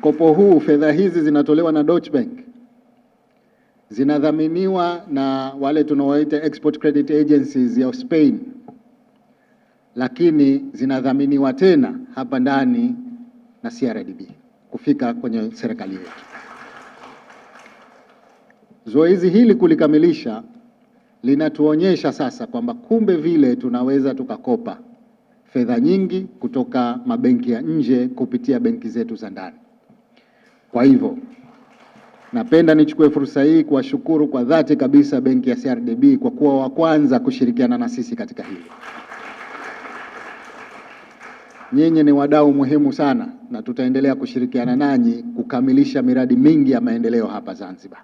Mkopo huu, fedha hizi zinatolewa na Deutsche Bank, zinadhaminiwa na wale tunaoita export credit agencies ya Spain, lakini zinadhaminiwa tena hapa ndani na CRDB kufika kwenye serikali yetu. Zoezi hili kulikamilisha linatuonyesha sasa kwamba kumbe vile tunaweza tukakopa fedha nyingi kutoka mabenki ya nje kupitia benki zetu za ndani. Kwa hivyo napenda nichukue fursa hii kuwashukuru kwa dhati kabisa benki ya CRDB kwa kuwa wa kwanza kushirikiana na sisi katika hili. Nyinyi ni wadau muhimu sana na tutaendelea kushirikiana nanyi kukamilisha miradi mingi ya maendeleo hapa Zanzibar.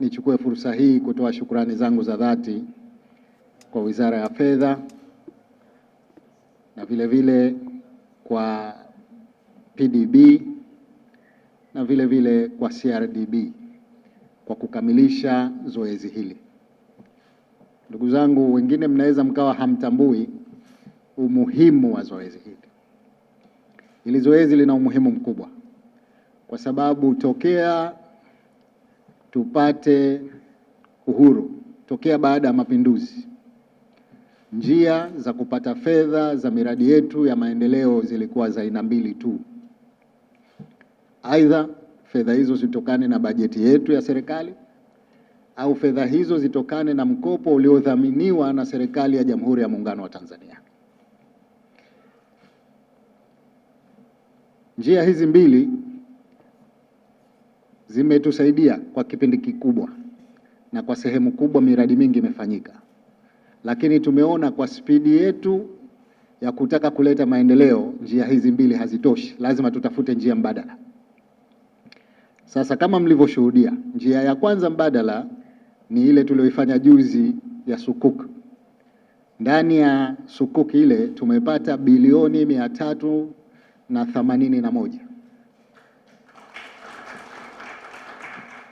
Nichukue fursa hii kutoa shukrani zangu za dhati kwa Wizara ya Fedha na vile vile kwa PDB na vile vile kwa CRDB kwa kukamilisha zoezi hili. Ndugu zangu, wengine mnaweza mkawa hamtambui umuhimu wa zoezi hili. Hili zoezi lina umuhimu mkubwa kwa sababu tokea tupate uhuru, tokea baada ya mapinduzi, njia za kupata fedha za miradi yetu ya maendeleo zilikuwa za aina mbili tu. Aidha, fedha hizo zitokane na bajeti yetu ya serikali au fedha hizo zitokane na mkopo uliodhaminiwa na serikali ya Jamhuri ya Muungano wa Tanzania. Njia hizi mbili zimetusaidia kwa kipindi kikubwa, na kwa sehemu kubwa miradi mingi imefanyika, lakini tumeona kwa spidi yetu ya kutaka kuleta maendeleo, njia hizi mbili hazitoshi, lazima tutafute njia mbadala. Sasa kama mlivyoshuhudia, njia ya kwanza mbadala ni ile tuliyoifanya juzi ya sukuk. Ndani ya sukuk ile tumepata bilioni mia tatu na themanini na moja.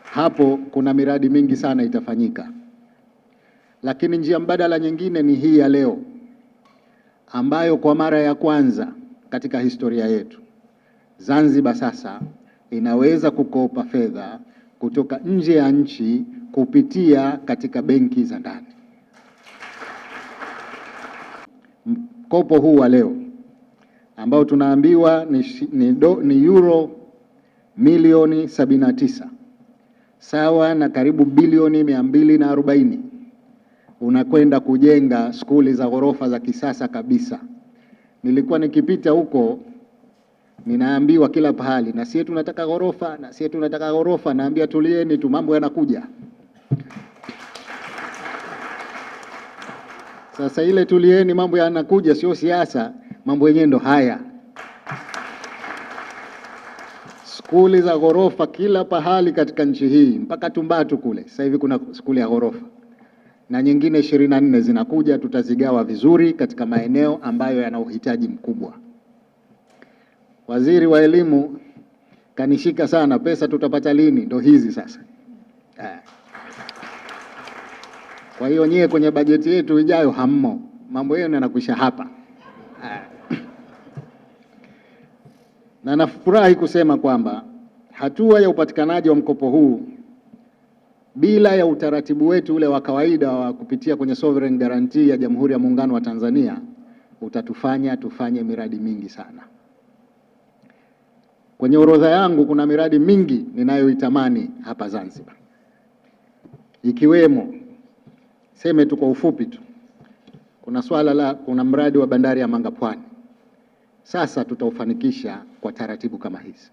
Hapo kuna miradi mingi sana itafanyika, lakini njia mbadala nyingine ni hii ya leo ambayo kwa mara ya kwanza katika historia yetu Zanzibar sasa inaweza kukopa fedha kutoka nje ya nchi kupitia katika benki za ndani. Mkopo huu wa leo ambao tunaambiwa ni, ni, do, ni euro milioni 79 sawa na karibu bilioni 240 unakwenda kujenga skuli za ghorofa za kisasa kabisa. Nilikuwa nikipita huko ninaambiwa kila pahali, na sie tunataka ghorofa, na sie tunataka ghorofa. Naambia tulieni tu, mambo yanakuja. Sasa ile tulieni, mambo yanakuja, sio siasa, mambo yenyewe ndo haya. Skuli za ghorofa kila pahali katika nchi hii, mpaka Tumbatu kule sasa hivi kuna skuli ya ghorofa na nyingine ishirini na nne zinakuja, tutazigawa vizuri katika maeneo ambayo yana uhitaji mkubwa. Waziri wa elimu kanishika sana, pesa tutapata lini? Ndo hizi sasa. Eh. Kwa hiyo nyie kwenye bajeti yetu ijayo hammo, mambo yenu yanakwisha hapa. Eh. Na nafurahi kusema kwamba hatua ya upatikanaji wa mkopo huu bila ya utaratibu wetu ule wa kawaida wa kupitia kwenye sovereign guarantee ya Jamhuri ya Muungano wa Tanzania utatufanya tufanye miradi mingi sana. Kwenye orodha yangu kuna miradi mingi ninayoitamani hapa Zanzibar, ikiwemo seme tu kwa ufupi tu, kuna swala la kuna mradi wa bandari ya Mangapwani. Sasa tutaufanikisha kwa taratibu kama hizi.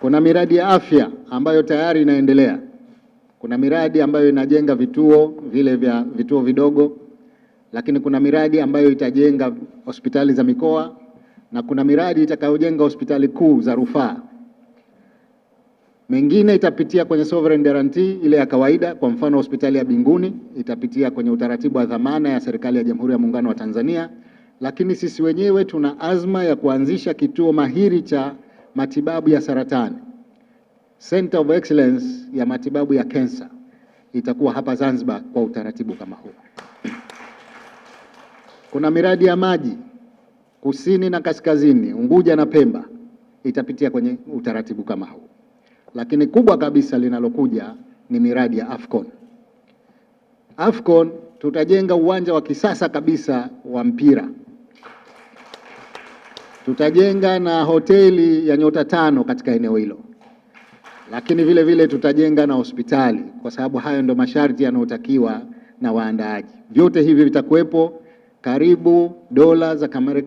Kuna miradi ya afya ambayo tayari inaendelea. Kuna miradi ambayo inajenga vituo vile vya vituo vidogo, lakini kuna miradi ambayo itajenga hospitali za mikoa na kuna miradi itakayojenga hospitali kuu za rufaa. Mengine itapitia kwenye sovereign guarantee ile ya kawaida. Kwa mfano, hospitali ya Binguni itapitia kwenye utaratibu wa dhamana ya serikali ya Jamhuri ya Muungano wa Tanzania, lakini sisi wenyewe tuna azma ya kuanzisha kituo mahiri cha matibabu ya saratani, Center of Excellence ya matibabu ya kensa itakuwa hapa Zanzibar kwa utaratibu kama huu. Kuna miradi ya maji kusini na kaskazini, Unguja na Pemba, itapitia kwenye utaratibu kama huu. Lakini kubwa kabisa linalokuja ni miradi ya Afcon. Afcon tutajenga uwanja wa kisasa kabisa wa mpira, tutajenga na hoteli ya nyota tano katika eneo hilo, lakini vile vile tutajenga na hospitali, kwa sababu hayo ndo masharti yanayotakiwa na waandaaji. Vyote hivi vitakuwepo karibu dola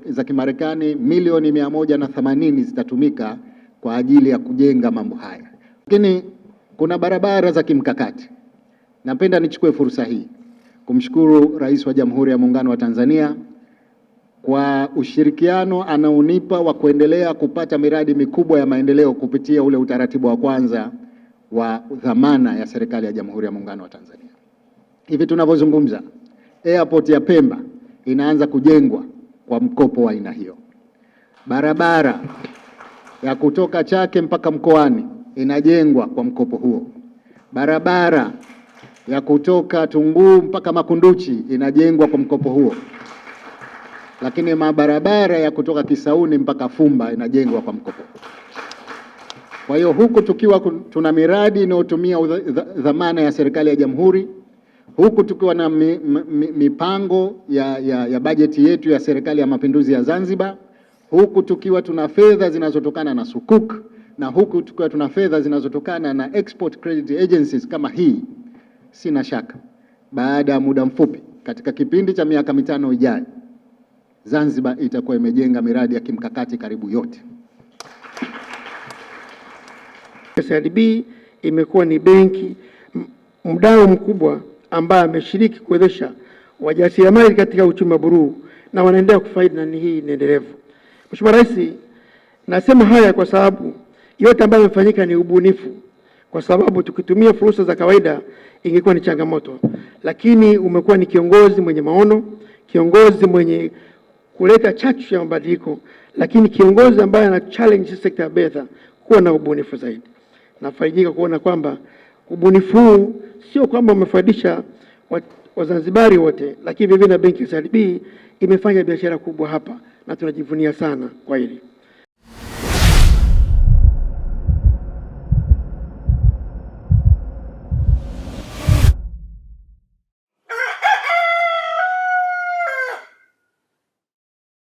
za Kimarekani milioni mia moja na themanini zitatumika kwa ajili ya kujenga mambo haya, lakini kuna barabara za kimkakati. Napenda nichukue fursa hii kumshukuru Rais wa Jamhuri ya Muungano wa Tanzania kwa ushirikiano anaonipa wa kuendelea kupata miradi mikubwa ya maendeleo kupitia ule utaratibu wa kwanza wa dhamana ya serikali ya Jamhuri ya Muungano wa Tanzania. Hivi tunavyozungumza airport ya Pemba inaanza kujengwa kwa mkopo wa aina hiyo. Barabara ya kutoka Chake mpaka Mkoani inajengwa kwa mkopo huo. Barabara ya kutoka Tunguu mpaka Makunduchi inajengwa kwa mkopo huo, lakini mabarabara ya kutoka Kisauni mpaka Fumba inajengwa kwa mkopo. huo Kwa hiyo huku tukiwa tuna miradi inayotumia dhamana ya serikali ya Jamhuri huku tukiwa na mi, mi, mipango ya, ya, ya bajeti yetu ya Serikali ya Mapinduzi ya Zanzibar, huku tukiwa tuna fedha zinazotokana na sukuk na huku tukiwa tuna fedha zinazotokana na export credit agencies kama hii, sina shaka baada ya muda mfupi, katika kipindi cha miaka mitano ijayo, Zanzibar itakuwa imejenga miradi ya kimkakati karibu yote. CRDB imekuwa ni benki mdao mkubwa ambaye ameshiriki kuwezesha wajasiriamali katika uchumi wa buruu na wanaendelea kufaidi na hii endelevu. Mheshimiwa Rais, nasema haya kwa sababu yote ambayo yamefanyika ni ubunifu, kwa sababu tukitumia fursa za kawaida ingekuwa ni changamoto, lakini umekuwa ni kiongozi mwenye maono, kiongozi mwenye kuleta chachu ya mabadiliko, lakini kiongozi ambaye ana challenge sekta ya fedha kuwa na ubunifu zaidi. Nafaidika kuona kwamba Ubunifu huu sio kwamba umefaidisha Wazanzibari wote, lakini vivyo na benki ya CRDB imefanya biashara kubwa hapa na tunajivunia sana kwa hili.